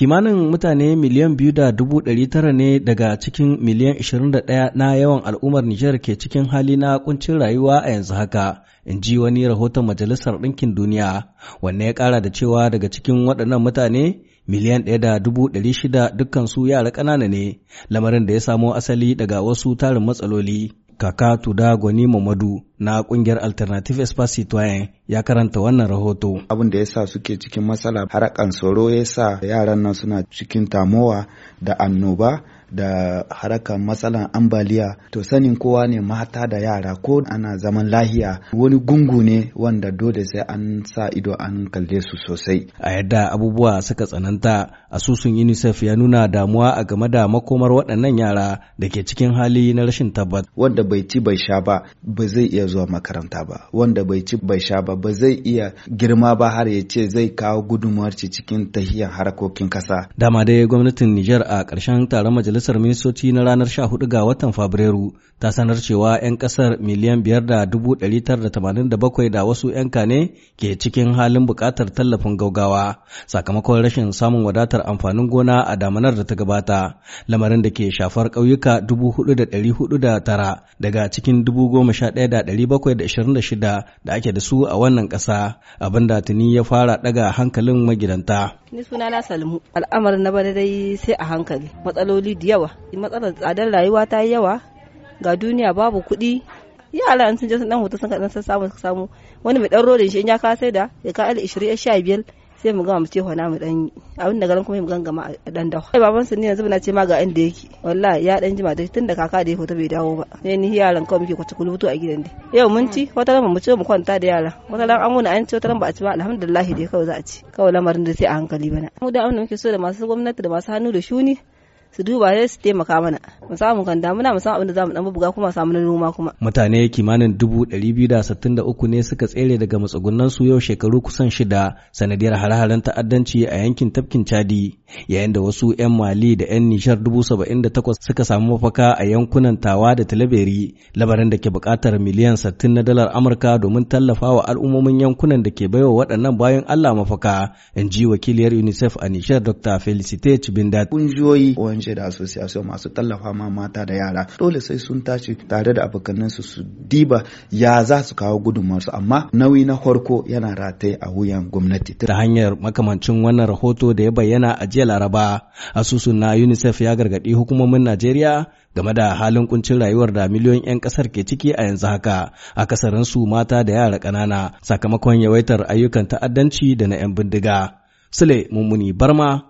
Kimanin mutane miliyan biyu da dubu ɗari tara ne daga cikin miliyan ishirin da ɗaya na yawan al'ummar Nijar ke cikin hali na kuncin rayuwa a yanzu haka, in ji wani rahoton Majalisar Ɗinkin Duniya, wanne ya ƙara da cewa daga cikin waɗannan mutane miliyan ɗaya da dubu ɗari shida dukkansu yara ƙanana ne, lamarin da ya samo asali daga wasu tarin matsaloli. kaka tuda gwani mamadu na kungiyar alternative espace citoyen ya karanta wannan rahoto abin da yasa suke cikin matsala harakan tsoro yasa yaran nan suna cikin tamowa da annoba da harakan matsalan ambaliya to sanin kowa ne mata da yara ko ana zaman lahiya wani gungu ne wanda dole sai an sa ido an kalle su sosai a yadda abubuwa suka tsananta asusun unicef ya nuna damuwa a game da makomar waɗannan yara da ke cikin hali na rashin tabbat wanda bai ci bai sha ba ba zai iya zuwa makaranta ba wanda bai ci bai sha ba ba zai iya girma ba har ya ce zai kawo gudunmuwar cikin tahiyar harakokin kasa dama dai gwamnatin Nijar a ƙarshen taron majalisar majalisar ministoci na ranar 14 ga watan Fabrairu ta sanar cewa 'yan kasar miliyan 5,987 da wasu 'yan kane ke cikin halin bukatar tallafin gaugawa sakamakon rashin samun wadatar amfanin gona a damanar da ta gabata, lamarin da ke shafar ƙauyuka 4,409 daga cikin 11,726 da ake da su a wannan ƙasa, da tuni ya fara daga hankalin magidanta. Ni sunana Salmu, al'amarin na bada dai sai a hankali, matsaloli da yawa matsalar tsadar rayuwa ta yi yawa ga duniya babu kuɗi yara an sun sun dan hoto sun kaɗan sun samu samu wani mai ɗan rodin shi in ya ka sai da ya ka ali ishirin sha biyar sai mu gama mu ce hona mu dan yi abin da garan kuma mu gama a dan dawo sai baban su ne yanzu na ce ma ga inda yake wallahi ya dan jima da tun da kaka da ya hoto bai dawo ba sai ni yaran kawai muke kwace kulutu a gidan dai yau mun ci wata ran mu ce mu kwanta da yara wata ran an wuna an ci wata ran ba a ci ba alhamdulillah dai kawai za a ci kawai lamarin da sai a hankali bana mu da abin da muke so da masu gwamnati da masu hannu da shuni su duba ne su taimaka mana mu samu kan damuna mu samu abin da zamu dan buga kuma samu na noma kuma mutane kimanin dubu dari biyu da sittin da uku ne suka tsere daga matsugunan su yau shekaru kusan shida sanadiyar harharen ta'addanci a yankin tafkin Chadi yayin da wasu 'yan Mali da 'yan Nishar dubu saba'in da takwas suka samu mafaka a yankunan Tawa da Talaberi labarin da ke buƙatar miliyan sittin na dalar Amurka domin tallafawa al'ummomin yankunan da ke baiwa waɗannan bayan Allah mafaka in ji wakiliyar UNICEF a Nishar Dr. Felicite Chibinda. Ƙungiyoyi ONG da association masu tallafa ma mata da yara dole sai sun tashi tare da abokanan su diba ya za su kawo gudunmawar amma nauyi na farko yana rataye a wuyan gwamnati ta hanyar makamancin wannan rahoto da ya bayyana a jiya Laraba asusun na UNICEF ya gargadi hukumomin Najeriya game da halin kuncin rayuwar da miliyoyin 'yan kasar ke ciki a yanzu haka a su mata da yara ƙanana sakamakon yawaitar ayyukan ta'addanci da na 'yan bindiga. Sule Mummuni Barma